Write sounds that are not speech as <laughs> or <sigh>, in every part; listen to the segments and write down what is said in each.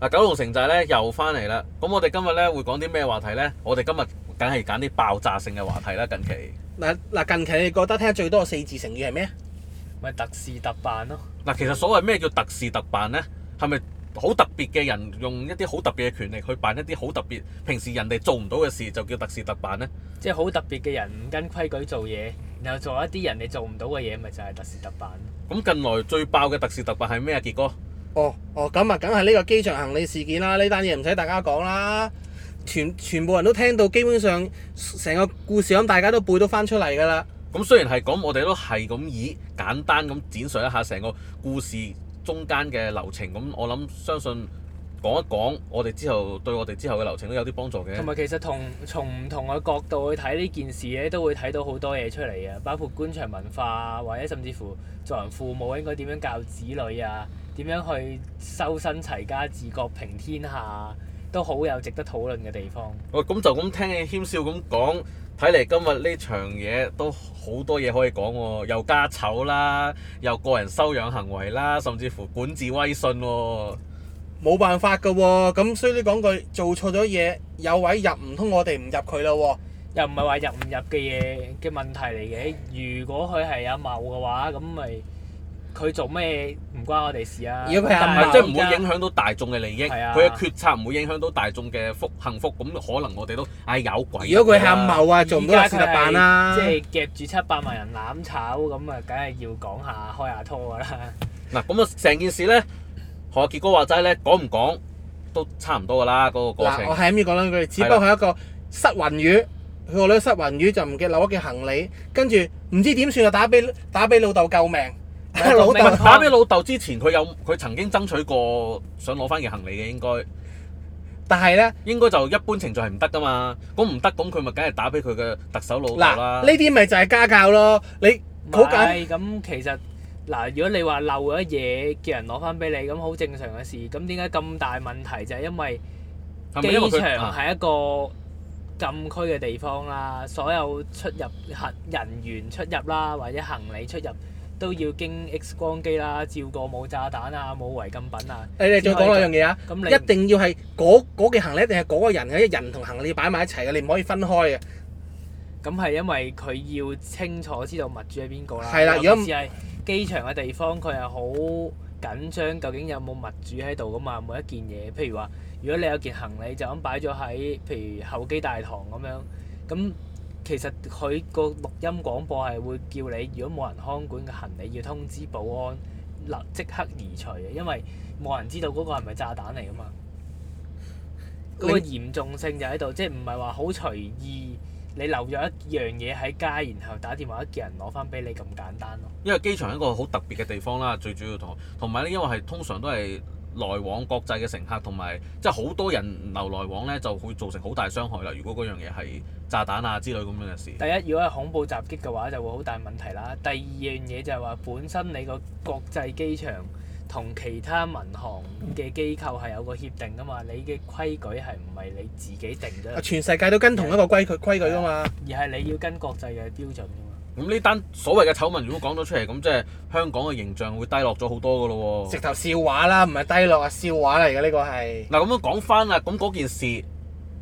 嗱，九龍城寨咧又翻嚟啦。咁我哋今日咧會講啲咩話題咧？我哋今日梗係揀啲爆炸性嘅話題啦。近期嗱嗱，近期你覺得聽得最多嘅四字成語係咩？咪特事特辦咯。嗱，其實所謂咩叫特事特辦咧？係咪好特別嘅人用一啲好特別嘅權力去辦一啲好特別，平時人哋做唔到嘅事，就叫特事特辦咧？即係好特別嘅人唔跟規矩做嘢，然後做一啲人哋做唔到嘅嘢，咪就係特事特辦。咁近來最爆嘅特事特辦係咩啊？傑哥？哦，哦，咁啊，梗係呢個機場行李事件啦，呢單嘢唔使大家講啦，全全部人都聽到，基本上成個故事咁，大家都背到翻出嚟噶啦。咁、嗯、雖然係講我哋都係咁，以簡單咁展述一下成個故事中間嘅流程，咁、嗯、我諗相信講一講，我哋之後對我哋之後嘅流程都有啲幫助嘅。同埋其實從從同從唔同嘅角度去睇呢件事咧，都會睇到好多嘢出嚟嘅，包括官場文化，或者甚至乎做人父母應該點樣教子女啊。點樣去修身齊家治國平天下都好有值得討論嘅地方。哦，咁就咁聽你謙笑咁講，睇嚟今日呢場嘢都好多嘢可以講喎、哦，又家醜啦，又個人修養行為啦，甚至乎管治威信喎、哦。冇辦法嘅喎、哦，咁所以你講句，做錯咗嘢有位入唔通，我哋唔入佢啦喎。又唔係話入唔入嘅嘢嘅問題嚟嘅。如果佢係阿茂嘅話，咁咪。佢做咩唔關我哋事啊？如果佢係謀，即係唔會影響到大眾嘅利益。佢嘅、啊、決策唔會影響到大眾嘅福幸福，咁可能我哋都唉、哎，有鬼、啊。如果佢係謀到啊，做都試下扮啦。即、就、係、是、夾住七百萬人攬炒咁啊，梗係要講下開下拖㗎啦。嗱咁啊，成件事咧，何傑哥話齋咧，講唔講都差唔多㗎啦。嗰、那個過程。嗱，我係咁要講兩句，只不過係一個失魂魚。佢嗰兩失魂魚就唔記得留一件行李，跟住唔知點算就打俾打俾老豆救命。爸爸打俾老豆之前，佢有佢曾經爭取過想攞翻件行李嘅，應該，但係呢，應該就一般程序係唔得噶嘛。咁唔得咁，佢咪梗係打俾佢嘅特首老豆啦。呢啲咪就係家教咯。你好咁是、嗯，其實嗱、嗯，如果你話漏咗嘢叫人攞翻俾你，咁好正常嘅事。咁點解咁大問題就係、是、因為機場係一個禁區嘅地方啦，所有出入人員出入啦，或者行李出入。都要經 X 光機啦，照過冇炸彈啊，冇違禁品啊。你哋再講兩樣嘢啊！你一定要係嗰件行李，一定係嗰個人嘅一人同行李，你要擺埋一齊嘅，你唔可以分開嘅。咁係因為佢要清楚知道物主喺邊個啦。係啦，如果唔係機場嘅地方，佢係好緊張，究竟有冇物主喺度噶嘛？每一件嘢，譬如話，如果你有件行李就咁擺咗喺，譬如候機大堂咁樣，咁。其實佢個錄音廣播係會叫你，如果冇人看管嘅行李，要通知保安立即刻移除嘅，因為冇人知道嗰個係咪炸彈嚟啊嘛。嗰個嚴重性就喺度，即係唔係話好隨意，你留咗一樣嘢喺街，然後打電話叫人攞翻俾你咁簡單咯。因為機場係一個好特別嘅地方啦，最主要同同埋咧，因為係通常都係。來往國際嘅乘客同埋即係好多人流來往呢，就會造成好大傷害啦。如果嗰樣嘢係炸彈啊之類咁樣嘅事，第一，如果係恐怖襲擊嘅話，就會好大問題啦。第二樣嘢就係話本身你個國際機場同其他民航嘅機構係有個協定噶嘛，你嘅規矩係唔係你自己定嘅？全世界都跟同一個規矩規矩噶嘛，而係你要跟國際嘅標準。咁呢單所謂嘅醜聞如果講咗出嚟，咁即係香港嘅形象會低落咗好多㗎喇喎。直頭笑話啦，唔係低落啊，笑話嚟嘅呢個係。嗱，咁樣講返啦，咁嗰件事，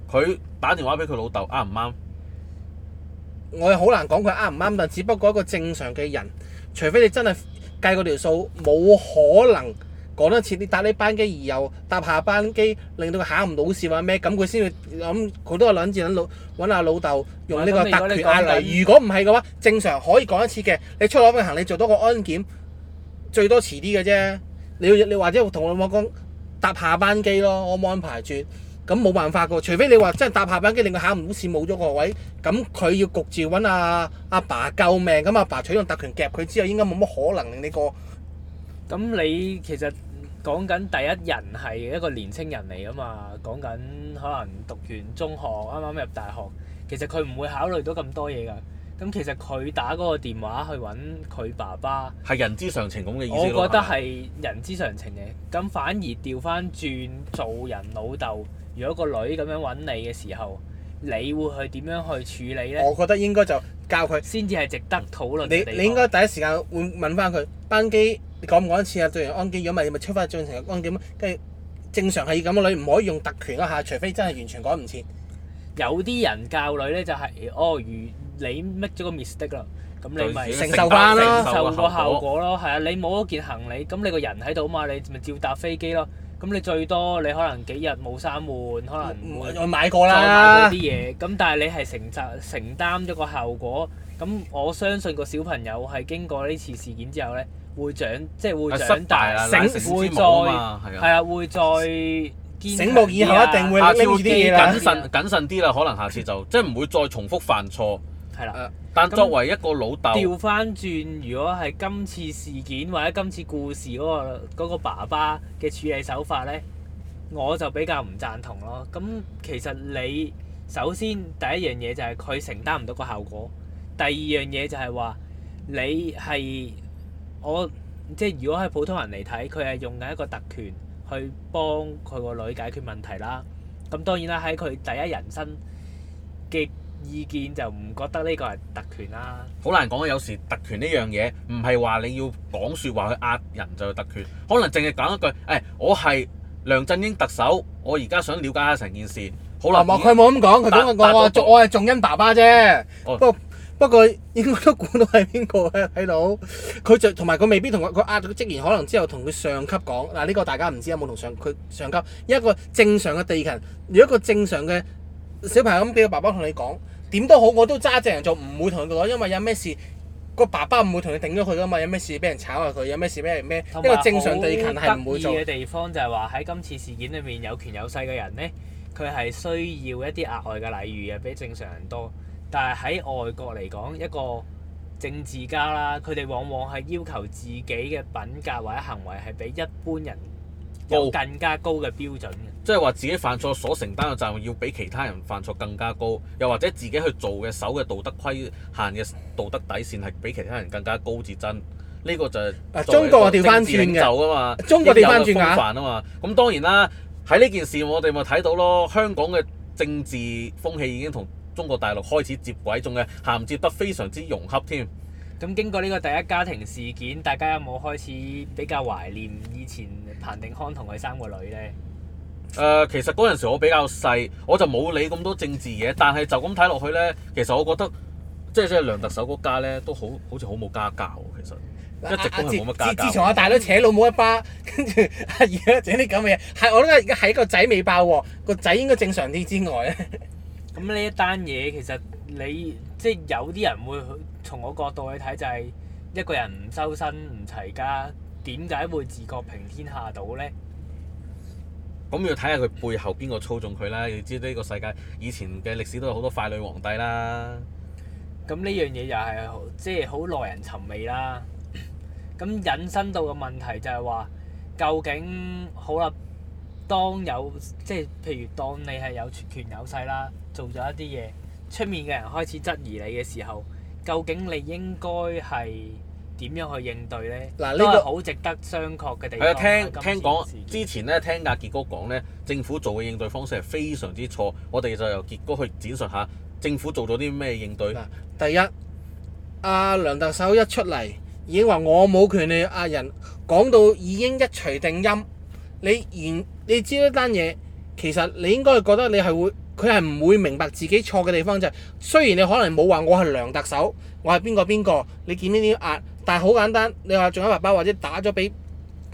佢打電話俾佢老豆啱唔啱？對對，我又好難講佢啱唔啱，但只不過一個正常嘅人，除非你真係計過條數，冇可能。講多次，搭你搭呢班機而又搭下班機，令到佢考唔到試話咩，咁佢先會諗，佢、嗯、都係諗住揾老阿老豆用呢個特權壓力。如果唔係嘅話，正常可以講一次嘅，你出攞份行李做多個安檢，最多遲啲嘅啫。你你，你或者同我講搭下班機咯，我冇安排住。」咁冇辦法嘅，除非你話真係搭下班機令佢考唔到試冇咗個位，咁佢要焗住揾阿阿爸救命。咁阿爸取用特權夾佢之後，應該冇乜可能令你過。咁你其實？講緊第一人係一個年輕人嚟啊嘛，講緊可能讀完中學，啱啱入大學，其實佢唔會考慮到咁多嘢㗎。咁其實佢打嗰個電話去揾佢爸爸，係人之常情咁嘅意思咯。我覺得係人之常情嘅，咁、啊、反而調翻轉做人老豆，如果個女咁樣揾你嘅時候，你會去點樣去處理呢？我覺得應該就教佢先至係值得討論。你你應該第一時間會問翻佢登機、班機你趕唔趕得切啊？做完安檢，如果咪咪出返正常嘅安檢咁，跟住正常係咁你，唔可以用特權嗰下，除非真係完全趕唔切。有啲人教女咧，就係哦，如你 make 咗個 mistake 啦，咁你咪承受翻咯，承受個效果咯，係啊，你冇一件行李，咁你個人喺度啊嘛，你咪照搭飛機咯。咁你最多你可能幾日冇衫換，可能再買過啦啲嘢。咁但係你係承責承擔咗個效果，咁我相信個小朋友係經過呢次事件之後咧。會長即係會長大啦，醒悟啊嘛，係啊，係啊，會再、啊、醒悟以後一定會拎住啲嘢啦，謹慎謹慎啲啦，可能下次就、啊、即係唔會再重複犯錯。係啦、啊，但作為一個老竇，調翻轉，如果係今次事件或者今次故事嗰個嗰個爸爸嘅處理手法咧，我就比較唔贊同咯。咁其實你首先第一樣嘢就係佢承擔唔到個效果，第二樣嘢就係話你係。我即係如果係普通人嚟睇，佢係用緊一個特權去幫佢個女解決問題啦。咁當然啦，喺佢第一人生嘅意見就唔覺得呢個係特權啦。好難講，有時特權呢樣嘢唔係話你要講説話去呃人就係、是、特權，可能淨係講一句：，誒、哎，我係梁振英特首，我而家想了解下成件事。好難講，佢冇咁講，佢咁樣講啊，我係仲恩爸爸啫。不過、哦。不過應該都估到係邊個咧？睇到佢就同埋佢未必同佢，佢壓咗職員，可能之後同佢上級講，嗱，呢個大家唔知有冇同上佢上級，一個正常嘅地勤，如果一個正常嘅小朋友咁，俾個爸爸同你講點都好，我都揸隻人做，唔會同佢講，因為有咩事個爸爸唔會同你頂咗佢噶嘛。有咩事俾人炒下佢，有咩事俾人咩？一個正常地勤係唔會做。得意嘅地方就係話喺今次事件裏面，有權有勢嘅人咧，佢係需要一啲額外嘅禮遇呀，比正常人多。但係喺外國嚟講，一個政治家啦，佢哋往往係要求自己嘅品格或者行為係比一般人有更加高嘅標準嘅、哦。即係話自己犯錯所承擔嘅責任要比其他人犯錯更加高，又或者自己去做嘅守嘅道德規限嘅道德底線係比其他人更加高至真。呢、這個就係中國啊，調翻轉嘛，中國調翻轉眼啊嘛。咁當然啦，喺呢件事我哋咪睇到咯，香港嘅政治風氣已經同。中國大陸開始接軌，仲係銜接得非常之融洽添。咁經過呢個第一家庭事件，大家有冇開始比較懷念以前彭定康同佢三個女咧？誒、呃，其實嗰陣時我比較細，我就冇理咁多政治嘢。但係就咁睇落去咧，其實我覺得，即係即係梁特首嗰家咧，都好好似好冇家教。其實一直都係冇乜家教、啊。自從阿大佬扯老母一巴，跟住阿兒整啲咁嘅嘢，係我都覺得而家喺個仔未爆喎，個仔應該正常啲之外咧。咁呢一單嘢其實你即係有啲人會從我角度去睇，就係、是、一個人唔修身唔齊家，點解會自覺平天下到呢？咁、嗯、要睇下佢背後邊個操縱佢啦。要知呢個世界以前嘅歷史都有好多傀儡皇帝啦。咁呢樣嘢又係即係好耐人尋味啦。咁、嗯、引申到嘅問題就係話，究竟好啦。當有即係譬如當你係有權有勢啦，做咗一啲嘢，出面嘅人開始質疑你嘅時候，究竟你應該係點樣去應對呢？嗱、這個，呢個好值得商榷嘅地方。係啊，聽聽講之前咧，聽阿傑哥講呢，政府做嘅應對方式係非常之錯。我哋就由傑哥去展述下政府做咗啲咩應對。第一，阿梁特首一出嚟已經話我冇權力壓人，講到已經一錘定音，你完。你知一單嘢，其實你應該覺得你係會，佢係唔會明白自己錯嘅地方就係、是，雖然你可能冇話我係梁特首，我係邊個邊個，你見呢啲壓，但係好簡單，你話仲有爸爸或者打咗俾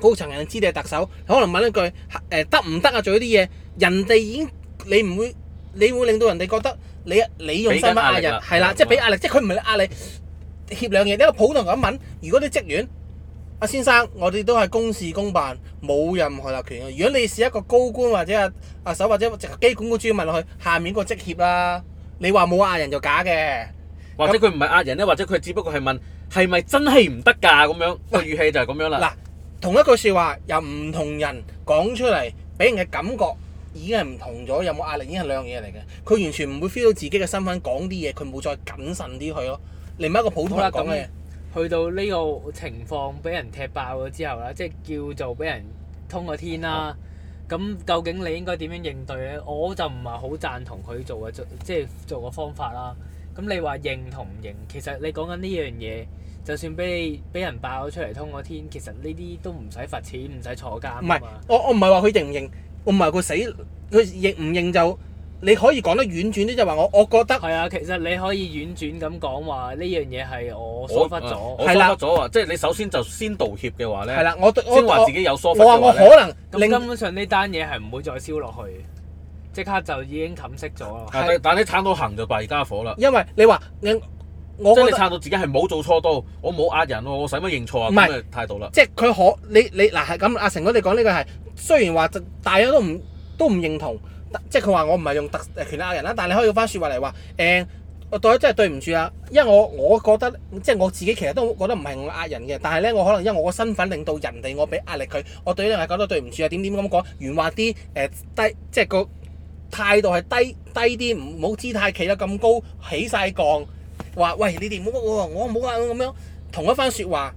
高層人知你係特首，可能問一句誒，得唔得啊做呢啲嘢？人哋已經你唔會，你會令到人哋覺得你你用身份壓人，係啦，的了即係俾壓力，即係佢唔係壓力。協兩嘢，一個普通咁問，如果啲職員。先生，我哋都係公事公辦，冇任何特權嘅。如果你是一個高官或者啊啊首或者直機管顧主任問落去，下面個職協啦，你話冇壓人就假嘅。或者佢唔係壓人咧，或者佢只不過係問係咪真係唔得㗎咁樣，這個語氣就係咁樣啦。嗱、啊，同一句説話又唔同人講出嚟，俾人嘅感覺已經係唔同咗，有冇壓力已經係兩樣嘢嚟嘅。佢完全唔會 feel 到自己嘅身份，講啲嘢佢冇再謹慎啲去咯。另外一個普通講嘅。去到呢個情況，俾人踢爆咗之後啦，即係叫做俾人通個天啦。咁、嗯、究竟你應該點樣應對呢？我就唔係好贊同佢做嘅，即係做嘅方法啦。咁你話認同唔認？其實你講緊呢樣嘢，就算俾你俾人爆咗出嚟通個天，其實呢啲都唔使罰錢，唔使坐監。唔係，我我唔係話佢認唔認，我唔係佢死，佢認唔認就。你可以講得婉轉啲，就係話我，我覺得係啊。其實你可以婉轉咁講話呢樣嘢係我疏忽咗，係、嗯、疏忽咗啊！的即係你首先就先道歉嘅話咧，係啦，我，我先話自己有疏忽話我話我可能你根本上呢單嘢係唔會再燒落去，即刻就已經冚熄咗。但係你撐到行就弊家伙啦。因為你話你，我即係你撐到自己係冇做錯到，我冇呃人，我使乜認錯是啊？咁嘅態度啦。即係佢可你你嗱係咁阿成哥你講呢個係雖然話大家都唔都唔認同。即係佢話我唔係用特權嚟壓人啦，但係你可以用翻説話嚟話誒，我對佢真係對唔住啊，因為我我覺得即係我自己其實都覺得唔係我壓人嘅，但係咧我可能因為我個身份令到人哋我俾壓力佢，我對佢係覺得對唔住啊，怎樣怎樣樣點點咁講，圓滑啲誒低，即係個態度係低低啲，唔冇姿態企得咁高起晒槓。話喂，你哋冇我，我好壓我咁樣同一番説話。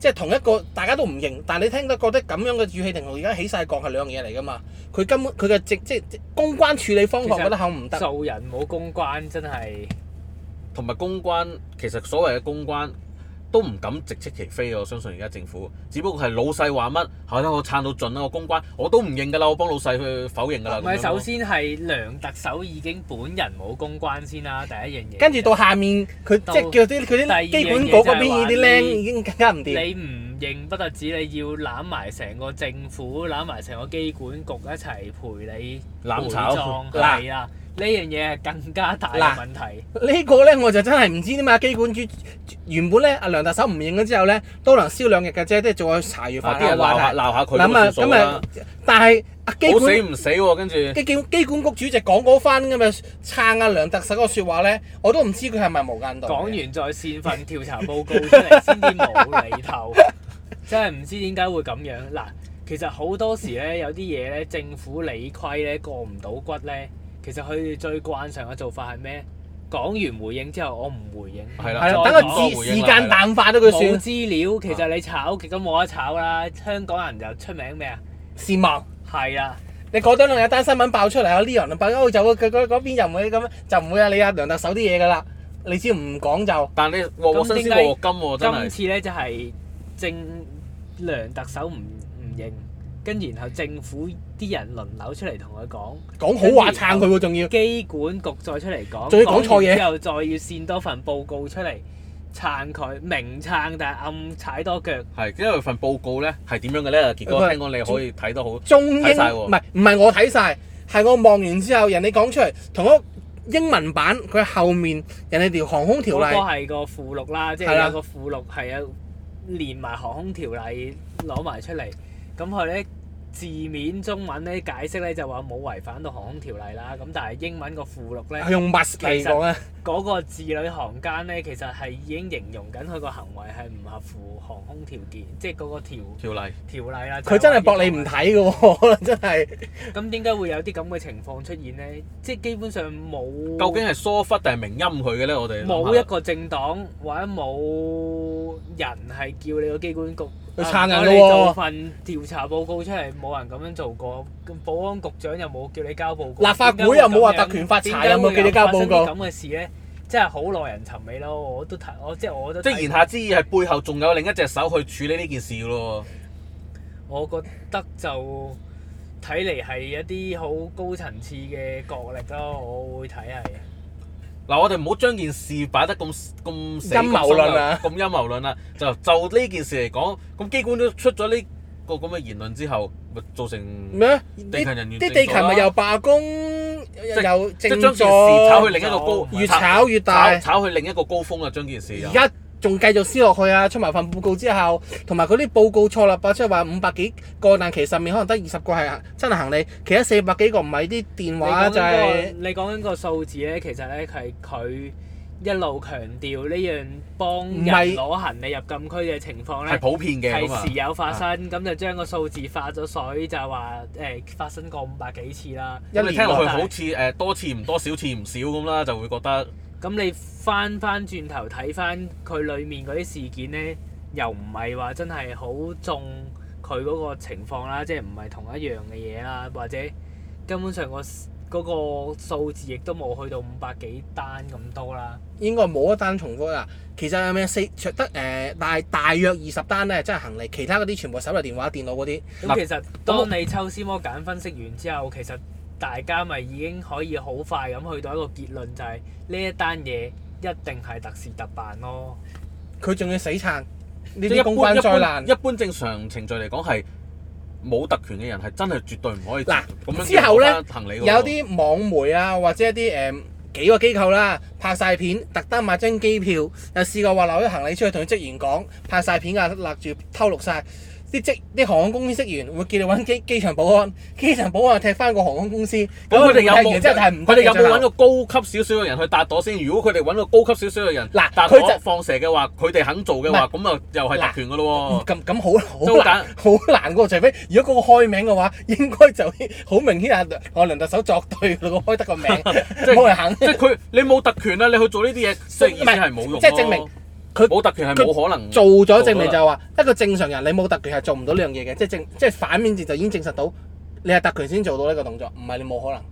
即係同一個大家都唔認，但係你聽到覺得咁樣嘅語氣，同而家起晒角係兩樣嘢嚟㗎嘛？佢根本佢嘅即即公關處理方法，其實我覺得好唔得。做人冇公關真係。同埋公關，其實所謂嘅公關。都唔敢直斥其非。我相信而家政府，只不過係老細話乜，係啦，我撐到盡啦，我公關我都唔認噶啦，我幫老細去否認噶啦。唔係，首先係梁特首已經本人冇公關先啦，第一樣嘢。跟住到下面，佢即係叫啲佢啲機管局嗰邊啲僆已經更加唔掂。你唔認不特止，你要攬埋成個政府，攬埋成個機管局一齊陪你攬炒，係啦們。呢樣嘢係更加大嘅問題。呢個、呢個咧我就真係唔知點嘛。機管局原本咧阿梁特首唔認咗之後咧，都能燒兩日嘅啫，即係仲有茶餘飯後啲人鬧下鬧下佢都算數啦。但係阿、啊、機管好死唔死跟、啊、住機，機管局主席講嗰番咁嘅撐阿梁特首個説話咧，我都唔知佢係咪無間道。講完再善訓調查報告出嚟先至冇厘頭， <laughs> 真係唔知點解會咁樣嗱。其實好多時咧有啲嘢咧政府理虧咧過唔到骨咧。其實佢哋最慣常嘅做法係咩？講完回應之後，我唔回應，係啦的，係啦講，等個時時間淡化到佢少資料。的其實你炒極都冇得炒噶啦。香港人就出名咩啊？善忘係啦。的的你嗰單又有單新聞爆出嚟，有呢樣，爆出就會佢嗰嗰邊就唔會咁樣，就唔會啊！你阿、啊、梁特首啲嘢噶啦，你只要唔講就。但你，新鮮嘅黃金今次咧就係正梁特首唔唔認。跟然後政府啲人輪流出嚟同佢講，講好話撐佢喎，仲要機管局再出嚟講，仲要講錯嘢，之後再要扇多份報告出嚟撐佢，明撐但係暗踩多腳。係因為份報告咧係點樣嘅咧？結果聽講你可以睇得好中英，唔係唔係我睇晒。係我望完之後，人哋講出嚟同一英文版佢後面人哋條航空條例，個係個附錄啦，即係有個附錄係有的連埋航空條例攞埋出嚟。咁佢咧字面中文咧解釋咧就話、是、冇違反到航空條例啦，咁但係英文個附錄咧，係用 must 嚟講啊。嗰個字裏行間咧，其實係 <laughs> 已經形容緊佢個行為係唔合乎航空條件，即係嗰個條,條例條例啦。佢真係博你唔睇㗎喎，可能真係。咁點解會有啲咁嘅情況出現咧？即、就、係、是、基本上冇。究竟係疏忽定係明音佢嘅咧？我哋冇一,一個政黨或者冇。係叫你個機管局去撐人咯喎！啊、份調查報告出嚟，冇人咁樣做過，保安局長又冇叫你交報告，立法會又冇話特權發展有發，有冇叫你交報告？咁嘅事咧，真係好耐人尋味咯！我都睇，我即係我都即係言下之意係背後仲有另一隻手去處理呢件事咯。我覺得就睇嚟係一啲好高層次嘅角力咯，我會睇下。嗱，我哋唔好將件事擺得咁咁死板啊，咁陰謀論啊， <laughs> 就就呢件事嚟講，咁機管局出咗呢個咁嘅言論之後，咪造成咩？地勤人員地勤咪又罷工，即又靜坐，越炒越大炒，炒去另一個高峰啊！將件事而家。一仲繼續撕落去啊！出埋份報告之後，同埋嗰啲報告錯啦，即係話五百幾個，但其實上面可能得二十個係真係行李，其他四百幾個唔係啲電話、啊那個、就係、是。你講緊個數字咧，其實咧係佢一路強調呢樣幫人攞行李入禁區嘅情況咧。係是普遍嘅。係時有發生，咁、嗯、就將個數字化咗水，所以就話誒、呃、發生過五百幾次啦。一年。聽落去好似誒多次唔多，少次唔少咁啦，就會覺得。咁你翻翻轉頭睇翻佢裏面嗰啲事件咧，又唔係話真係好中佢嗰個情況啦，即係唔係同一樣嘅嘢啦，或者根本上個嗰個數字亦都冇去到五百幾單咁多啦。應該冇一單重複啦。其實有咩四除得誒？但、呃、係大約二十單咧，真係行李，其他嗰啲全部手提電、電話、電腦嗰啲。咁其實當你抽絲剝繭分析完之後，其實。大家咪已經可以好快咁去到一個結論，就係、是、呢一單嘢一定係特事特辦咯。佢仲要死撐，呢啲公關災難一一。一般正常程序嚟講係冇特權嘅人係真係絕對唔可以。嗱，之後咧有啲網媒啊，或者一啲誒、嗯、幾個機構啦、啊，拍晒片，特登買張機票，又試過話留咗行李出去同佢職員講，拍晒片㗎、啊，立住偷錄晒。啲職啲航空公司職員會叫你揾機機場保安，機場保安踢翻個航空公司。咁佢哋有冇？佢哋有冇揾個高級少少嘅人去達朵先？如果佢哋揾個高級少少嘅人，嗱，佢就放蛇嘅話，佢哋肯做嘅話，咁啊是又係特權噶咯喎。咁咁好難，好但難嗰，除非如果嗰個開名嘅話，應該就好明顯係俄聯特首作對，佢開得個名，即係冇人肯。即係佢，你冇特權啦，你去做呢啲嘢，即係意思係冇用咯。佢冇它特權係冇可能做咗，證明就係話，了一個正常人你冇特權係做唔到呢樣嘢嘅，即係正即係反面字就已經證實到你係特權先做到呢個動作，唔係你冇可能。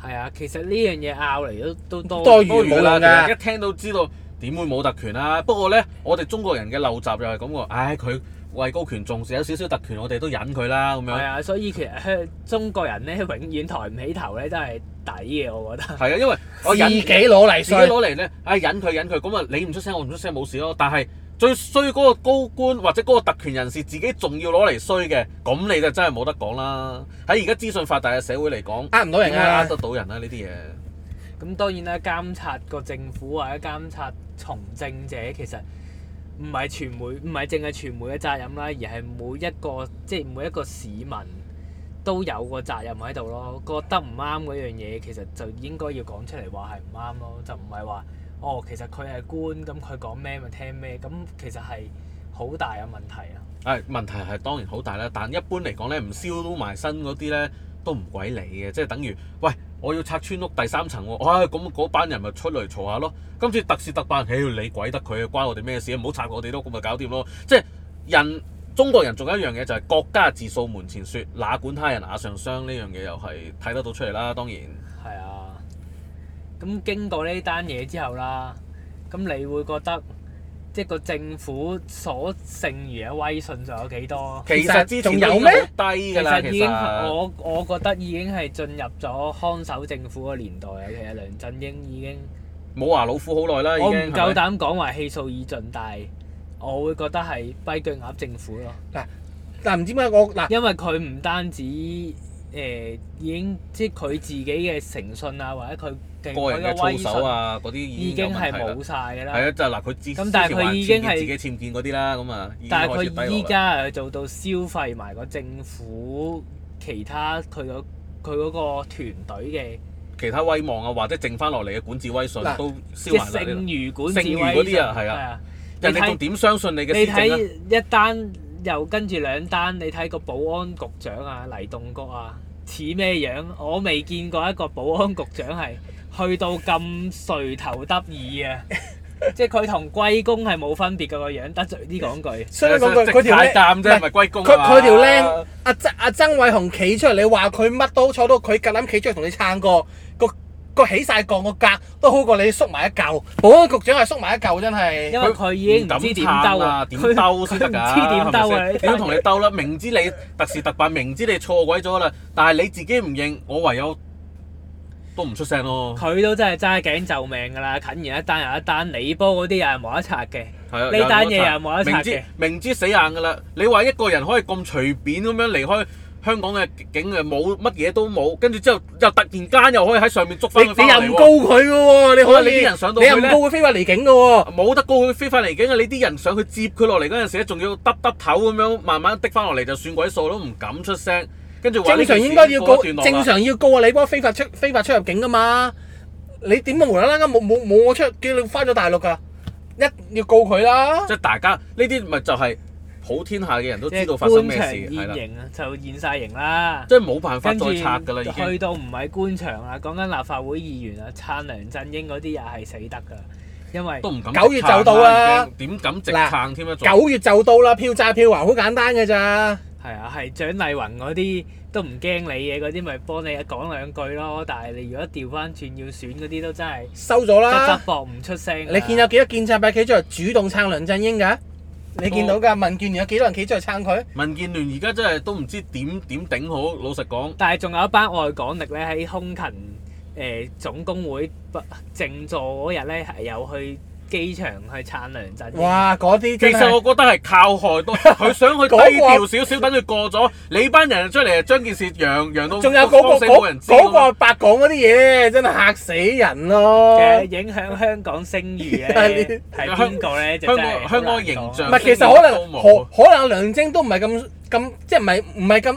係啊，其實呢樣嘢拗嚟都都多多餘啦，一聽都知道點會冇特權啊？不過咧，我哋中國人嘅陋習就係咁喎，唉佢。位高權重視，有少少特權，我哋都忍佢啦，咁樣。係啊，所以其實中國人咧，永遠抬唔起頭咧，都係抵嘅，我覺得。係啊，因為我自己攞嚟，自己攞嚟咧，唉、哎，忍佢忍佢，咁、嗯、啊，你唔出聲，我唔出聲，冇事咯。但係最衰嗰個高官或者嗰個特權人士自己仲要攞嚟衰嘅，咁你就真係冇得講啦。喺而家資訊發達嘅社會嚟講，呃唔到人呃、啊、得到人啊，呢啲嘢。咁當然啦，監察個政府或者監察從政者，其實。唔係傳媒，唔係淨係傳媒嘅責任啦，而係每一個即係每一個市民都有個責任喺度咯。覺得唔啱嗰樣嘢，其實就應該要講出嚟，話係唔啱咯。就唔係話哦，其實佢係官，咁佢講咩咪聽咩，咁其實係好大嘅問題啊！誒，問題係當然好大啦，但一般嚟講咧，唔燒到埋身嗰啲咧。都唔鬼理嘅，即係等於，喂，我要拆村屋第三層喎，啊、哎，咁嗰班人咪出嚟嘈下咯。今次特事特辦，嘿、哎，你鬼得佢啊，關我哋咩事啊？唔好拆我哋都，咁咪搞掂咯。即係人，中國人仲有一樣嘢就係、是、國家自掃門前雪，哪管他人瓦上霜。呢樣嘢又係睇得到出嚟啦。當然，係啊。咁經過呢單嘢之後啦，咁你會覺得？即個政府所剩餘嘅威信仲有幾多？其實之前仲有咩低㗎啦？其實已經其實我我覺得已經係進入咗看守政府個年代啊。其實梁振英已經冇話老虎好耐啦。我唔夠膽講話氣數已盡大，但係吧我會覺得係跛腳鴨政府咯。但嗱唔知咩，我嗱，因為佢唔單止誒、呃、已經即佢自己嘅誠信啊，或者佢。個人嘅操守、啊、嗰啲已經係冇晒嘅啦。係啊，就嗱佢支。咁但係佢已經係自己僭建嗰啲啦，咁啊。但係佢依家係做到消費埋個政府其他佢個佢嗰個團隊嘅。其他威望啊，或者剩翻落嚟嘅管治威信都消埋啦。剩餘、就是、管治威信。剩餘嗰啲啊，係啊。你睇點相信你嘅、啊？你睇一單又跟住兩單，你睇個保安局長啊，黎棟國啊，似咩樣？我未見過一個保安局長係。 <laughs> <laughs> 去到咁垂頭耷耳啊！即係佢同龜公係冇分別嘅個樣，得罪呢講句。所以講句佢條僆唔係龜公。佢佢條僆阿曾阿曾偉雄企出嚟，你話佢乜都坐到佢夠膽企出嚟同你撐過個個起晒降個格，都好過你縮埋一嚿。保安局長係縮埋一嚿，真係。因為佢已經唔知點鬥，點鬥先得㗎。黐點鬥啊！要同你鬥啦！明知你特事特辦，明知你錯鬼咗啦，但係你自己唔認，我唯有。都唔出聲咯，佢都真係揸頸就命㗎啦，近完一單又一單，你波嗰啲又冇得拆嘅，你單嘢又冇得拆嘅，明知明知死硬㗎啦！你話一個人可以咁隨便咁樣離開香港嘅境啊，冇乜嘢都冇，跟住之後又突然間又可以喺上面捉翻你又唔告佢嘅喎，你可能你啲人上到你又唔告佢非法離境嘅喎，冇得告佢非法離境啊！你啲人上去接佢落嚟嗰陣時，仲要耷耷頭咁樣，慢慢滴翻落嚟，就算鬼數都唔敢出聲。正常應該要告，正常要告啊！你嗰個非法出非法出入境噶嘛？你點無啦啦冇冇冇我出叫你翻咗大陸噶？一要告佢啦！即係大家呢啲咪就係普天下嘅人都知道發生咩事，係啊，就現晒形啦！即係冇辦法再拆㗎啦，已經去到唔係官場啊，講緊立法會議員啊，撐梁振英嗰啲又係死得㗎，因為都唔敢九月就到啦，點敢直撐添啊？九月就到啦，票債票還好簡單㗎咋～係啊，係蔣麗芸嗰啲都唔驚你嘅，嗰啲咪幫你講兩句咯。但係你如果調翻轉要選嗰啲，都真係收咗了啦直直，執筆唔出聲。你見有幾多建制派企出嚟主動撐梁振英㗎？你見到㗎？民建聯有幾多人企出嚟撐佢？我 民建聯而家真係都唔知點點頂好，老實講。但係仲有一班外港力咧，喺空勤誒總工會靜坐嗰日咧，係有去。機場去撐梁振，哇！嗰啲其實我覺得係靠害多，佢想去低調少少，等佢、 <laughs> 那個、過咗。你班人出嚟，將件事揚揚到，仲有嗰，那個，嗰個白講嗰啲嘢，真係嚇死人咯！誒，影響香港聲譽嘅，啲， <laughs> 香港咧，香港香港形象。唔係，其實可能可能梁振都唔係咁咁，即係唔係唔係咁，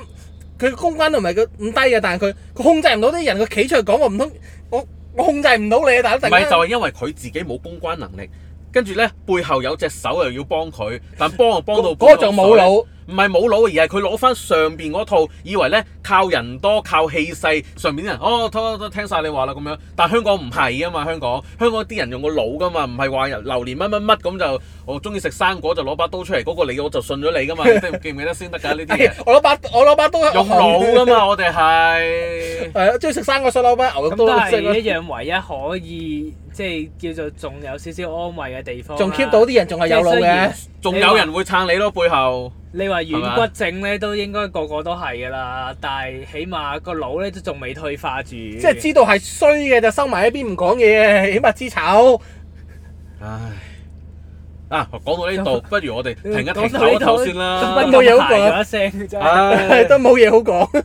佢公關都唔係咁低嘅，但係佢佢控制唔到啲人，佢企出嚟講話唔通我。我我控制唔到你啊，但係唔係就係、是、因為佢自己冇公關能力，跟住咧背後有隻手又要幫佢，但係幫又幫到幫個，個就冇腦。唔係冇腦，而係佢攞翻上邊嗰套，以為咧靠人多靠氣勢，上面啲人哦，都都聽晒你話啦咁樣。但香港唔係啊嘛，香港香港啲人用個腦噶嘛，唔係話榴蓮乜乜乜咁就我中意食生果就攞把刀出嚟嗰個嚟，我就信咗你噶嘛。即記唔記得先得㗎呢啲？我攞把我攞把刀用腦噶嘛， <laughs> 我哋係係啊，中意食生果就攞把牛肉刀嚟食。都係、嗯就是、一樣，唯一可以即係叫做仲有少少安慰嘅地方，仲 keep 到啲人仲係有腦嘅，仲有人會撐你咯，背後。你話軟骨症咧吧都應該個個都係㗎啦，但係起碼個腦咧都仲未退化住。即係知道係衰嘅就收埋一邊唔講嘢，起碼知醜。唉，啊講到呢度，就不如我哋停一停攞頭先啦，都冇嘢好講。真係都冇嘢好講。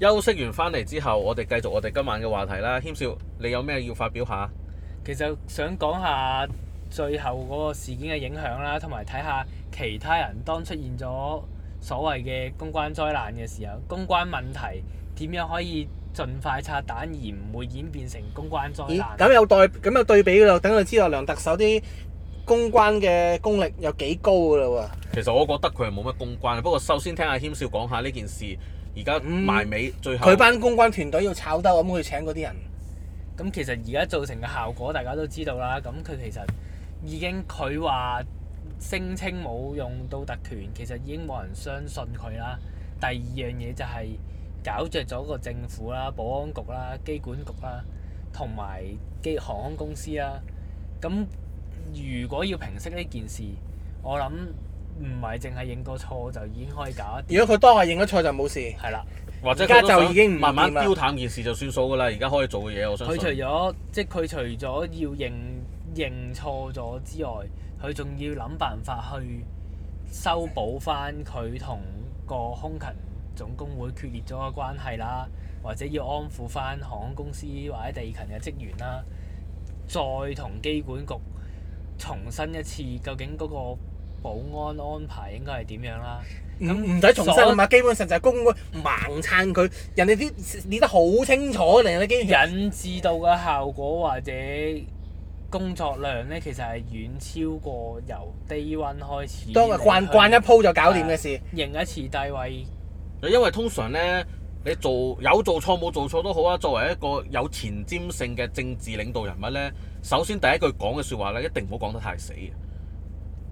休息完翻嚟之後，我哋繼續我哋今晚嘅話題啦。謙少，你有咩要發表下？其實想講下。最後嗰個事件嘅影響啦，同埋睇下其他人當出現咗所謂嘅公關災難嘅時候，公關問題點樣可以盡快拆彈，而唔會演變成公關災難？咁有代咁有對比，就等佢知道梁特首啲公關嘅功力有幾高噶嘞喎！其實我覺得佢係冇乜公關，不過首先聽阿謙少講下呢件事，而家埋尾、嗯、最後。佢班公關團隊要炒兜，咁去請嗰啲人。咁其實而家造成嘅效果大家都知道啦，咁佢其實。已經佢話聲稱冇用到特權，其實已經冇人相信佢啦。第二樣嘢就係搞着咗個政府啦、保安局啦、機管局啦，同埋機航空公司啦。咁如果要平息呢件事，我諗唔係淨係認個錯就已經可以搞掂。如果佢當下認咗錯就冇事。係啦，而家就已經唔慢慢丟淡件事就算數㗎啦。而家可以做嘅嘢，我相信佢除咗即係佢除咗要認。認錯咗之外，佢仲要諗辦法去修補翻佢同個空勤總工會決裂咗嘅關係啦，或者要安撫翻航空公司或者地勤嘅職員啦，再同機管局重申一次，究竟嗰個保安安排應該係點樣啦？咁唔使重申啊嘛，以基本上就係工會盲撐佢，人哋啲理得好清楚嚟嘅機引致到嘅效果或者。工作量咧，其實係遠超過由 day one 開始。當日慣慣一鋪就搞掂嘅事，認對一次低位。因為通常呢，你做有做錯冇做錯都好啊。作為一個有前瞻性嘅政治領導人物呢，首先第一句講嘅説話呢，一定唔好講得太死。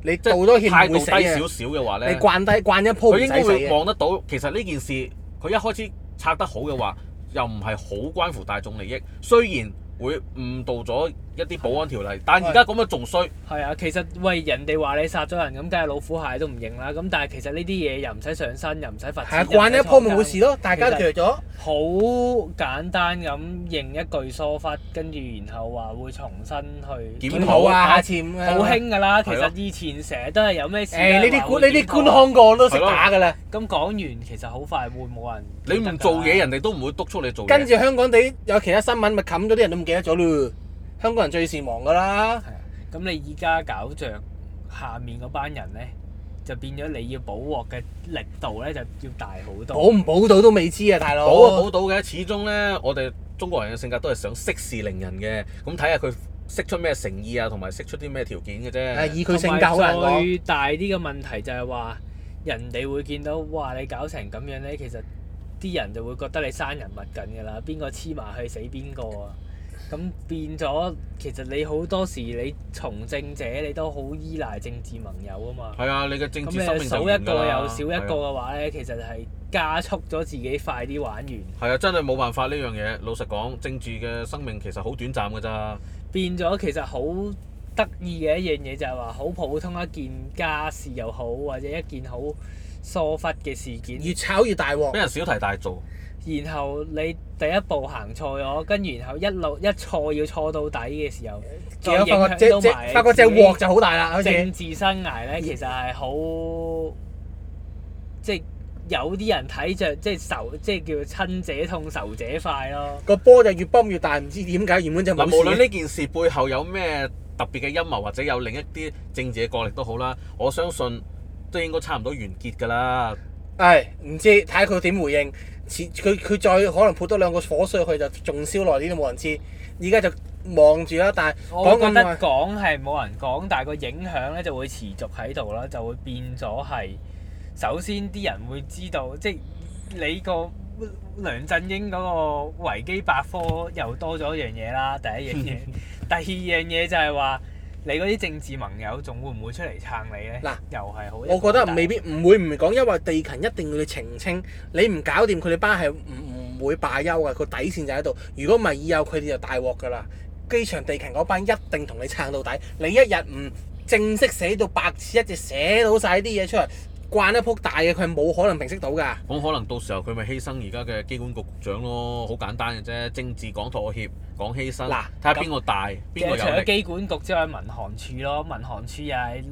你做態度低少少嘅話呢，你慣低慣一鋪，佢應該會望得到。其實呢件事，佢一開始拆得好嘅話，嗯、又唔係好關乎大眾利益。雖然會誤導咗。一啲保安條例，但而家咁樣仲衰。係啊，其實喂，人哋話你殺咗人，咁梗係老虎蟹都唔認啦。咁但係其實呢啲嘢又唔使上身，又唔使罰錢，捱慣一鋪咪冇事咯。大家弱咗，好簡單咁認一句疏忽，跟住然後話會重新去檢討啊，下次好興㗎啦。其實以前成日都係有咩事。誒，呢啲官呢啲官腔，過都識打㗎啦。咁講完其實好快會冇人。你唔做嘢，人哋都唔會督促你做。跟住香港地有其他新聞，咪冚咗啲人都唔記得咗咯。香港人最善忘噶啦，係啊，咁你依家搞着下面嗰班人咧，就變咗你要補鑊嘅力度咧，就要大好多。補唔補到都未知啊，大佬！補啊，補到嘅，始終咧，我哋中國人嘅性格都係想息事寧人嘅，咁睇下佢釋出咩誠意啊，同埋釋出啲咩條件嘅啫。啊，以佢性格咯。同埋最大啲嘅問題就係話，人哋會見到哇，你搞成咁樣咧，其實啲人就會覺得你生人勿近噶啦，邊個黐埋去死邊個啊！咁變咗，其實你好多時你從政者，你都好依賴政治盟友啊嘛。係啊，你嘅政治生命一有少一個又少一個嘅話咧，啊、其實係加速咗自己快啲玩完。係啊，真係冇辦法呢樣嘢。老實講，政治嘅生命其實好短暫㗎咋。變咗其實好得意嘅一樣嘢就係話，好普通一件家事又好，或者一件好疏忽嘅事件，越炒越大鑊，俾人小題大做。然後你第一步行錯咗，跟住然後一路一錯要錯到底嘅時候，只發覺只發覺隻鑊就好大啦。政治生涯咧，其實係好即係有啲人睇著即係仇即係叫親者痛，仇者快咯。個波就越崩越大，唔知點解原本就冇事。無論呢件事背後有咩特別嘅陰謀，或者有另一啲政治嘅角力都好啦，我相信都應該差唔多完結㗎啦。係唔、哎、知睇佢點回應？佢佢再可能潑多兩個火水去就仲燒耐啲都冇人知，而家就望住啦。但係，我覺得講係冇人講，但係個影響咧就會持續喺度啦，就會變咗係首先啲人會知道，即係你個梁振英嗰個維基百科又多咗一樣嘢啦，第一樣嘢， <laughs> 第二樣嘢就係話。你嗰啲政治盟友仲會唔會出嚟撐你呢？嗱嘆，又係好，我覺得未必唔會唔講，因為地勤一定要澄清，你唔搞掂佢哋班係唔唔會罷休嘅，個底線就喺度。如果唔係以後，佢哋就大鑊㗎啦。機場地勤嗰班一定同你撐到底，你一日唔正式寫到白紙，一直寫到晒啲嘢出嚟。慣一鋪大嘅佢係冇可能平息到噶，咁可能到時候佢咪犧牲而家嘅機管局局長咯，好簡單嘅啫，政治講妥協，講犧牲，嗱喇，睇下邊個大邊個喇有力。除咗機管局之外，民航處咯，民航處又係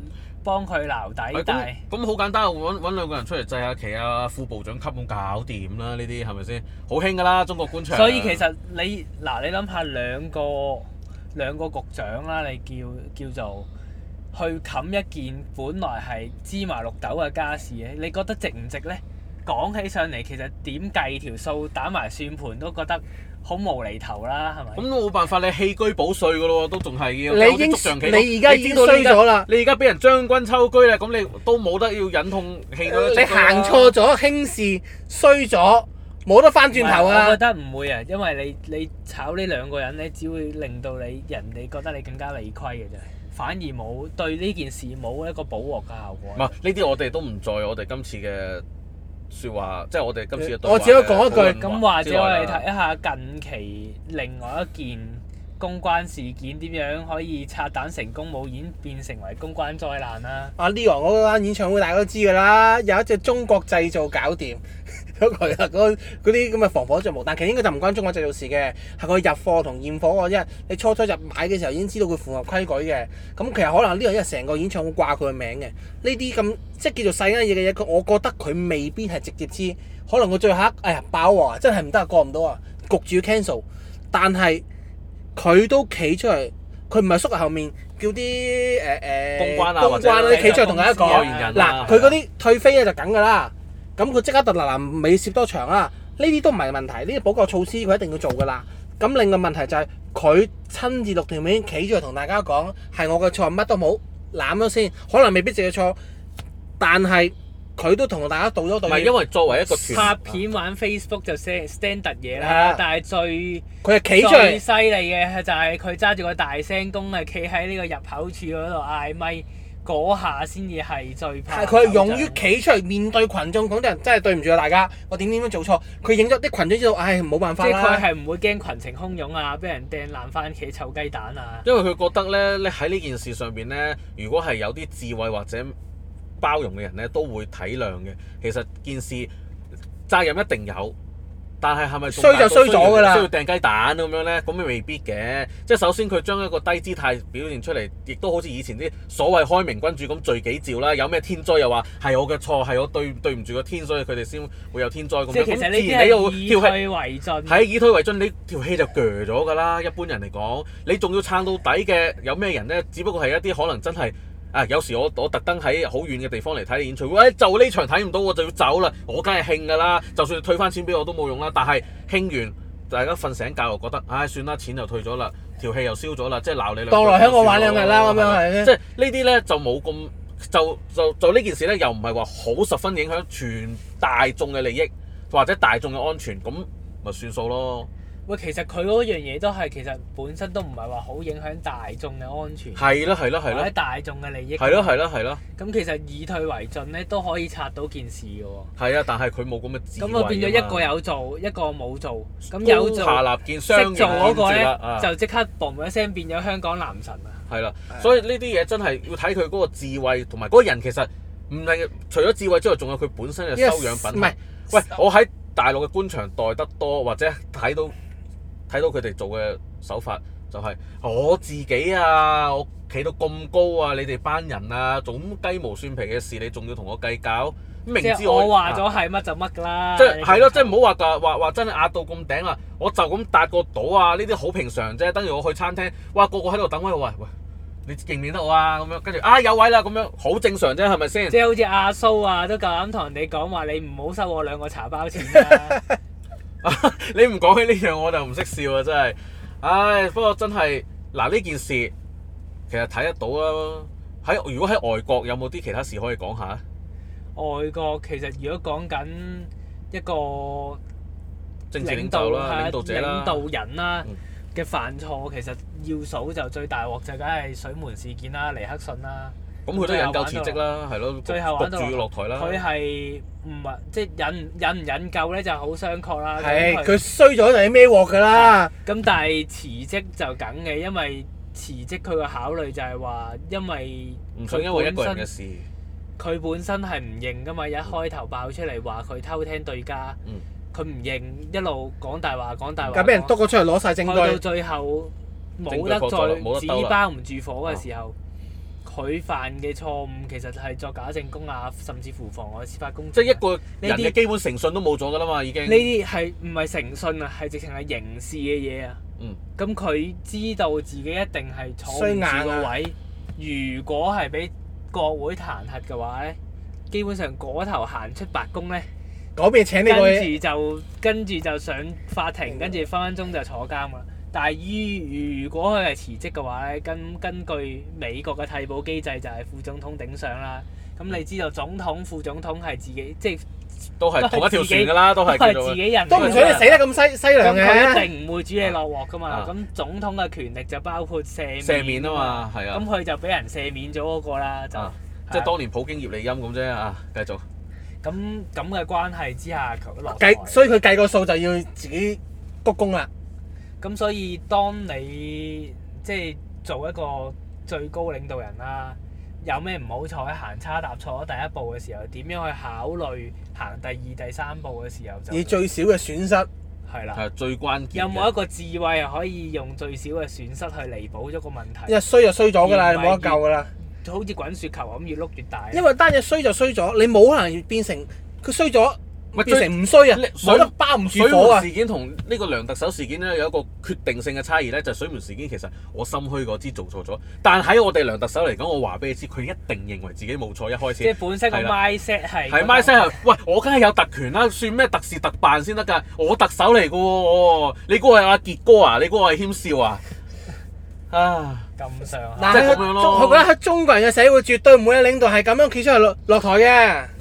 幫佢撈底但。咁好簡單，揾揾兩個人出嚟祭下旗，其他副部長級咁搞掂啦。呢啲係咪先？好興噶啦，中國官場、啊。所以其實你嗱，你諗下兩個兩個，兩個局長啦，你叫叫做。叫做去冚一件本來係芝麻綠豆嘅家事嘅，你覺得值唔值呢？講起上嚟，其實點計條數打埋算盤都覺得好無厘頭啦，係咪？咁冇辦法，你棄車保帥嘅咯喎，都仲係要。你，都你已經你而家已經衰咗啦，你而家俾人將軍抽車啦，咁你都冇得要忍痛棄咗。呃、你行錯咗，啊、輕視衰咗，冇得翻轉頭啊！我覺得唔會啊，因為你你，你炒呢兩個人呢，只會令到你人哋覺得你更加理虧嘅啫。反而冇對呢件事冇一個補鑊嘅效果。唔係呢啲，我哋都唔在我哋今次嘅説話，即係我哋今次嘅。我只係講一句，咁或者我哋睇一下近期另外一件公關事件點樣可以拆彈成功，冇演變成為公關災難啦。阿 Leon 嗰間演唱會，大家都知㗎啦，有一隻中國製造搞掂。 <laughs> 佢啊！嗰啲咁嘅防火著務，但其實應該就唔關中國製造事嘅，係佢入貨同驗貨啊！即係你初初入買嘅時候已經知道佢符合規矩嘅。咁其實可能呢個因為成個演唱會掛佢嘅名嘅，呢啲咁即係叫做細粒嘢嘅嘢，我覺得佢未必係直接知。可能佢最後黑，哎呀爆啊，真係唔得過唔到啊，焗住 cancel 但。但係佢都企出嚟，佢唔係縮喺後面叫啲誒誒公關啊，公關嗰啲企出嚟同佢一個嗱，佢嗰啲退飛咧就梗㗎啦。咁佢即刻突嗱嗱未涉多場啊！呢啲都唔係問題，呢啲補救措施佢一定要做噶啦。咁另外問題就係、是、佢親自六條面企出嚟同大家講係我嘅錯，乜都冇攬咗先，可能未必就係錯，但係佢都同大家道咗道。唔係因為作為一個拍片玩、啊、Facebook 就 send 突嘢啦，啊、但係最佢係企最犀利嘅就係佢揸住個大聲公啊，企喺呢個入口處嗰度嗌咪。嗰下先至係最怕，佢係勇於企出嚟面對群眾，嗰啲人真係對唔住啊！大家，我點點樣,樣做錯？佢影咗啲群眾知道，唉，冇辦法。即係佢係唔會驚群情洶湧啊，俾人掟爛番茄、臭雞蛋啊！因為佢覺得咧，你喺呢件事上邊咧，如果係有啲智慧或者包容嘅人咧，都會體諒嘅。其實件事責任一定有。但係係咪衰就衰咗㗎啦？需要掟雞蛋咁樣咧，咁又未必嘅。即係首先佢將一個低姿態表現出嚟，亦都好似以前啲所謂開明君主咁罪己詔啦。有咩天災又話係我嘅錯，係我對對唔住個天，所以佢哋先會有天災咁樣。即係其實呢啲係以退為進。係以退為進，你條氣就鋸咗㗎啦。一般人嚟講，你仲要撐到底嘅有咩人咧？只不過係一啲可能真係。啊！有時我我特登喺好遠嘅地方嚟睇演出，喂、哎，就呢場睇唔到我就要走啦。我梗係㷫㗎啦，就算退翻錢俾我都冇用啦。但係㷫完大家瞓醒覺又覺得唉、哎，算啦，錢就退咗啦，條氣又消咗啦，即係鬧你兩。到嚟香港玩兩日啦，咁樣係即係呢啲咧就冇咁就就就呢件事咧，又唔係話好十分影響全大眾嘅利益或者大眾嘅安全，咁咪算數咯。喂，其實佢嗰樣嘢都係，其實本身都唔係話好影響大眾嘅安全，係咯係咯係咯，大眾嘅利益，係咯係咯係咯。咁其實以退為進咧，都可以拆到件事嘅喎。係啊，但係佢冇咁嘅智慧。咁啊，變咗一個有做，一個冇做。咁有做下立建商做嗰個咧，嗯、就即刻嘣一聲變咗香港男神啊！係啦，所以呢啲嘢真係要睇佢嗰個智慧同埋嗰個人，其實唔係除咗智慧之外，仲有佢本身嘅收養品行，唔係。喂，我喺大陸嘅官場待得多，或者睇到。睇到佢哋做嘅手法就係我自己啊，我企到咁高啊，你哋班人啊，做咁雞毛蒜皮嘅事，你仲要同我計較？明知我話咗係乜就乜㗎喇。即係係咯，你看 了即係唔好話話話真係壓到咁頂啦，我就咁搭個島啊，呢啲好平常啫。等住我去餐廳，哇，個個喺度等位我，喂喂，你認唔認得我啊？咁樣跟住啊有位啦，咁樣好正常啫，係咪先？即係好似阿蘇啊，都夠膽同人哋講話，你唔好收我兩個茶包錢啊！ <laughs> <laughs> 你唔講起呢樣我就唔識笑啊！真係，唉，不過真係嗱呢件事，其實睇得到啦。喺如果喺外國有冇啲其他事可以講下？外國其實如果講緊一個政治領導啦、領導者啦、領導人啦嘅犯錯，嗯、其實要數就最大鑊就梗係水門事件啦、尼克遜啦。咁佢都引咎辭職啦，係咯，焗住要落台啦。佢係唔係即係引引唔引咎咧，就好相確啦。係佢衰咗，就孭鑊㗎啦？咁但係辭職就梗嘅，因為辭職佢個考慮就係話，因為佢因為一個人嘅事。佢本身係唔認㗎嘛，一開頭爆出嚟話佢偷聽對家，佢唔、嗯、認，一路講大話講大話。架俾人督咗出嚟，攞晒證據。到最後冇得再紙包唔住火嘅時候。啊佢犯嘅錯誤其實係作假證供啊，甚至乎妨礙司法公正。即係一個呢啲基本誠信都冇咗㗎啦嘛，已經。呢啲係唔係誠信啊？係直情係刑事嘅嘢啊！嗯。咁佢知道自己一定係坐唔住個位。衰硬啊，如果係俾國會彈劾嘅話咧，基本上嗰頭行出白宮咧，嗰邊請你，跟住就跟住就上法庭，嗯、跟住分分鐘就坐監㗎。但係，如如果佢係辭職嘅話咧，根根據美國嘅替補機制就係副總統頂上啦。咁你知道總統、副總統係自己，即係都係同一條船嘅啦，都係佢自己人都唔想你死得咁犀犀利嘅，一定唔會煮你落鑊噶嘛。咁總統嘅權力就包括赦赦免啊嘛，係啊。咁佢就俾人赦免咗嗰個啦，就即係當年普京葉利欽咁啫啊！繼續。咁咁嘅關係之下，落計，所以佢計個數就要自己鞠躬啦。咁所以當你即係做一個最高領導人啦，有咩唔好彩行差踏錯第一步嘅時候，點樣去考慮行第二、第三步嘅時候，就以最少嘅損失係啦，係最關鍵。有冇一個智慧可以用最少嘅損失去彌補咗個問題？因為衰就衰咗㗎啦，你冇得救㗎啦，就好似滾雪球咁越碌越大。因為單日衰就衰咗，你冇可能變成佢衰咗。咪變成唔衰啊！水都包唔住火啊！水門事件同呢個梁特首事件咧有一個決定性嘅差異咧，就係、是、水門事件其實我心虛嗰支做錯咗，但喺我哋梁特首嚟講，我話俾你知，佢一定認為自己冇錯，一開始。即係本身個 mindset 係。係 mindset 係，喂！我梗係有特權啦，算咩特事特辦先得㗎？我特首嚟㗎喎！你估我係阿傑哥啊？你估我係謙少啊？想啊！咁上下。即係佢覺得喺中國人嘅社會，絕對唔會有領導係咁樣企出嚟落落台嘅。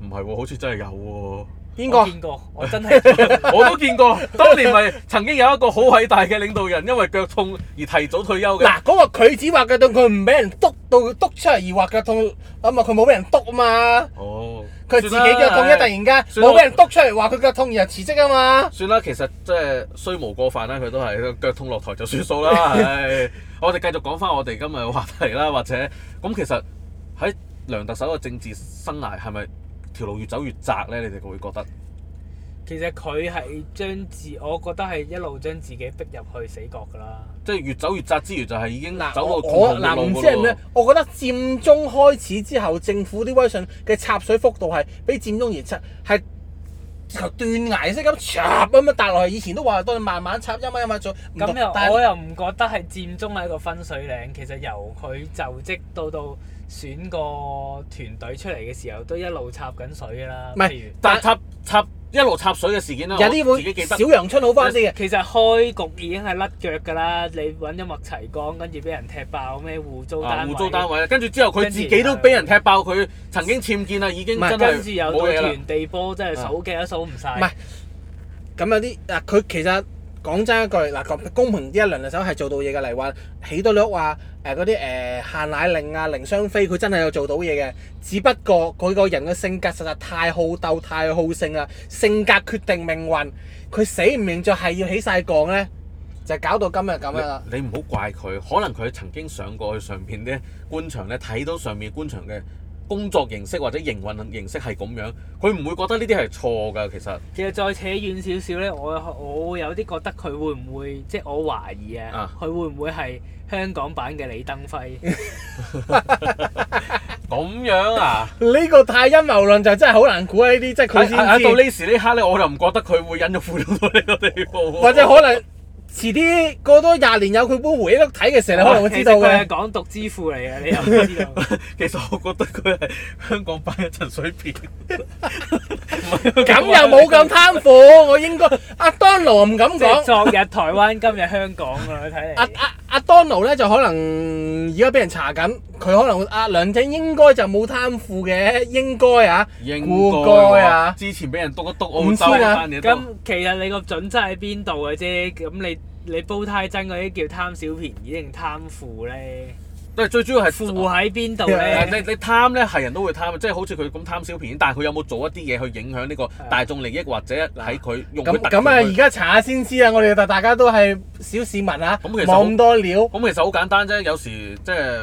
唔係喎，好似真係有喎、邊個？見過，我見過， <laughs> 我真係 <laughs> 我都見過。當年咪曾經有一個好偉大嘅領導人，因為腳痛而提早退休嘅。嗱，嗰、嗰個佢只話腳痛，佢唔俾人督到佢督出嚟而話腳痛，咁啊，佢冇俾人督啊嘛。哦，佢自己腳痛一突然間冇俾了了人督出嚟，話佢腳痛而辭職啊嘛。算啦，其實即係雖無過犯啦，佢都係腳痛落台就算數啦。唉， <laughs> 我哋繼續講翻我哋今日嘅話題啦，或者咁其實喺梁特首嘅政治生涯係咪？是條路越走越窄呢，你哋會覺得其實佢係將自，我覺得係一路將自己逼入去死角噶啦。即係越走越窄之餘，就係已經走到寸步難行咩？我，我，了我覺得佔中開始之後，政府啲威信嘅插水幅度係比佔中而出係。就斷崖式咁插咁樣搭落去，以前都話到慢慢插一蚊一蚊做。咁樣又但 我又唔覺得係佔中係一個分水嶺，其實由佢就職到到選個團隊出嚟嘅時候，都一路插緊水㗎啦。唔係，但插插。插一路插水嘅事件啦，有啲、這個、記小陽春好翻先嘅。就是、其實開局已經係甩腳㗎啦。你揾咗麥齊光，跟住俾人踢爆咩？租單租單位，跟住之後佢自己都俾人踢爆。佢曾經僭建啦，已經唔係真係冇嘢啦。咁有啲嗱，佢、啊啊、其實。講真一句，嗱，公平呢一輪嚟講係做到嘢嘅，例如話，起多啲屋啊，誒嗰啲誒限奶令啊，零雙非，佢真係有做到嘢嘅。只不過佢個人嘅性格實在太好鬥、太好勝啦，性格決定命運，佢死唔明就係要起晒槓咧，就搞到今日咁樣啦。你唔好怪佢，可能佢曾經上過去上邊啲官場咧，睇到上面官場嘅。工作形式或者營運形式係咁樣，佢唔會覺得呢啲係錯㗎。其實其實再扯遠少少咧，我我有啲覺得佢會唔會即係、就是、我懷疑啊？佢、啊、會唔會係香港版嘅李登輝咁 <laughs> <laughs> 樣啊？呢 <laughs> 個太陰謀論就真係好難估。呢啲即係佢先知。到呢時呢刻咧，我就唔覺得佢會忍辱負重到呢個地步、啊，或者可能。遲啲過多廿年有佢本回憶錄睇嘅時候，你、哦、可能會知道嘅。港獨之父嚟嘅，你又知道？ <laughs> <laughs> 其實我覺得佢係香港版嘅陳水扁。 <laughs> <laughs> 咁又冇咁貪腐，我應該阿 d o 唔敢講。昨日台灣，今日香港啊！你睇嚟。阿阿阿 d o 咧，就可能而家俾人查緊，佢可能阿梁振應該就冇貪腐嘅，應該啊，應該啊。之前俾人督一督，我收翻咁，其實你個準則喺邊度嘅啫？咁你你煲胎爭嗰啲叫貪小便宜定貪腐咧？最主要係腐喺邊度咧？你你貪咧，係人都會貪，即係好似佢咁貪小便宜，但係佢有冇做一啲嘢去影響呢個大眾利益，或者喺佢用咁咁啊！而家查下先知啊！啊知我哋大家都係小市民啊，咁、嗯、其實冇咁多料。咁、嗯、其實好簡單啫，有時即係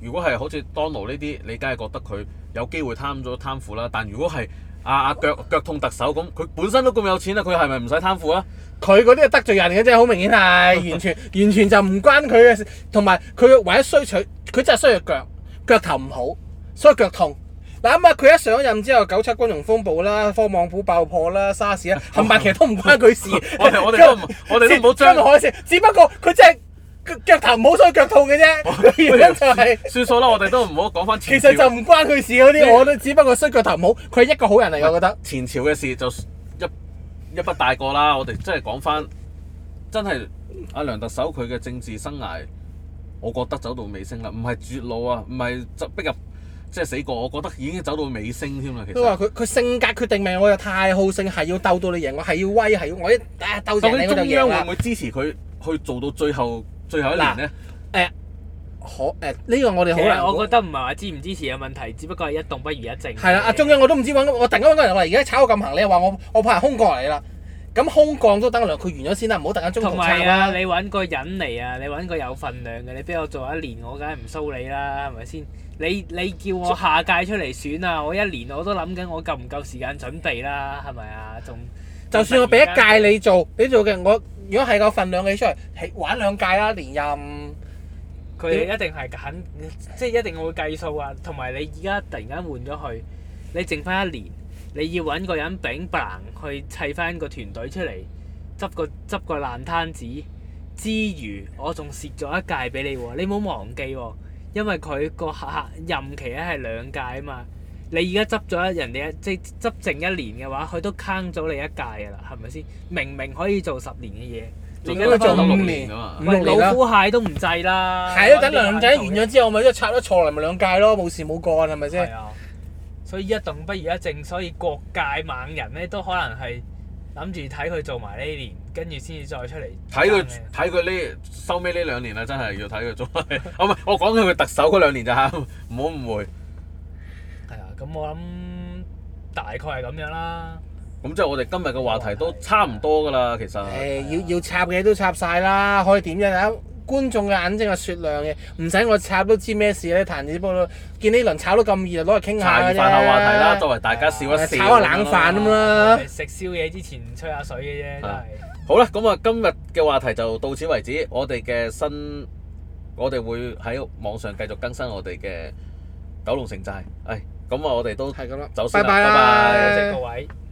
如果係好似 Donald 呢啲，你梗係覺得佢有機會貪咗貪腐啦。但如果係啊，阿、啊、腳腳痛特首咁，佢本身都咁有錢啊，佢係咪唔使貪腐啊？佢嗰啲係得罪人嘅，啫。真係好明顯係 <laughs> 完全完全就唔關佢嘅事，同埋佢唯一衰取。佢真係衰腳，腳頭唔好，所以腳痛。嗱咁啊，佢、嗯、一上任之後，九七金融風暴啦，科網股爆破啦，沙士啦，冚唪唥都唔關佢事。 <laughs> 我哋我哋都她我哋都唔好將佢海事，只不過佢真係腳頭唔好，所以腳痛嘅啫。原因 <laughs> 就係、是、 <laughs> 算數啦，我哋都唔好講翻。其實就唔關佢事嗰啲， <laughs> 我都只不過衰腳頭唔好，佢係一個好人嚟，我覺得。前朝嘅事就一一筆帶過啦，我哋真係講翻，真係阿梁特首佢嘅政治生涯。我覺得走到尾聲啦，唔係絕路啊，唔係就逼入即係死角。我覺得已經走到尾聲添啦。其實都話佢佢性格決定命，我又太好勝，係要鬥到你贏，我係要威，係要我一啊鬥贏你就贏啦。中央會唔會支持佢去做到最後最後一年呢？誒，可 <noise> 誒，呢個我哋好難。我覺得唔係話支唔支持嘅問題，只不過係一動不如一靜。係啦、啊，阿中央我都唔知搵我突然間搵個人嚟，而家炒我咁行，你又話我我派人空過嚟啦。咁空降都等佢完咗先啦，唔好突然間中途插啦。同埋啊，你揾個人嚟啊，你揾個有份量嘅，你俾我做一年，我梗係唔蘇你啦，係咪先？你你叫我下屆出嚟選啊，我一年我都諗緊我夠唔夠時間準備啦，係咪啊？仲就算我俾一屆你做，你做嘅我如果係夠份量嘅出嚟，玩兩屆啦連任，佢一定係肯，即係一定會計數啊。同埋你而家突然間換咗佢，你剩翻一年。你要揾個人炳唪去砌翻個團隊出嚟執個執個爛攤子之餘，我仲蝕咗一屆俾你喎！你唔好忘記喎，因為佢個客任期咧係兩屆啊嘛。你而家執咗人哋即執剩一年嘅話，佢都坑咗你一屆㗎喇，係咪先？明明可以做十年嘅嘢，5, 做咗六年啊嘛，唔係老虎蟹都唔制啦。係啊對，等兩屆完咗之後，咪即係拆得錯嚟咪兩屆咯，冇事冇干，係咪先？所以一動不如一靜，所以各界猛人咧都可能係諗住睇佢做埋呢年，跟住先至再出嚟睇佢睇佢呢收尾呢兩年啦，真係要睇佢做，唔係 <laughs> 我講佢咪特首嗰兩年就吓，唔 <laughs> 好誤會。係啊，咁我諗大概係咁樣啦。咁即係我哋今日嘅話題都差唔多㗎啦，其實。誒，要要插嘅都插晒啦，可以點樣？觀眾嘅眼睛係雪亮嘅，唔使我插都炒都知咩事咧。彈子波見呢輪炒到咁熱，攞去傾下下飯後話題啦，作為大家笑一笑。炒個冷飯咁啦，食宵夜之前吹下水嘅啫，真係 <laughs> 好啦，咁啊，今日嘅話題就到此為止。我哋嘅新，我哋會喺網上繼續更新我哋嘅《九龍城寨》哎。誒，咁啊，我哋都走先啦，走拜拜，謝各位。 <laughs>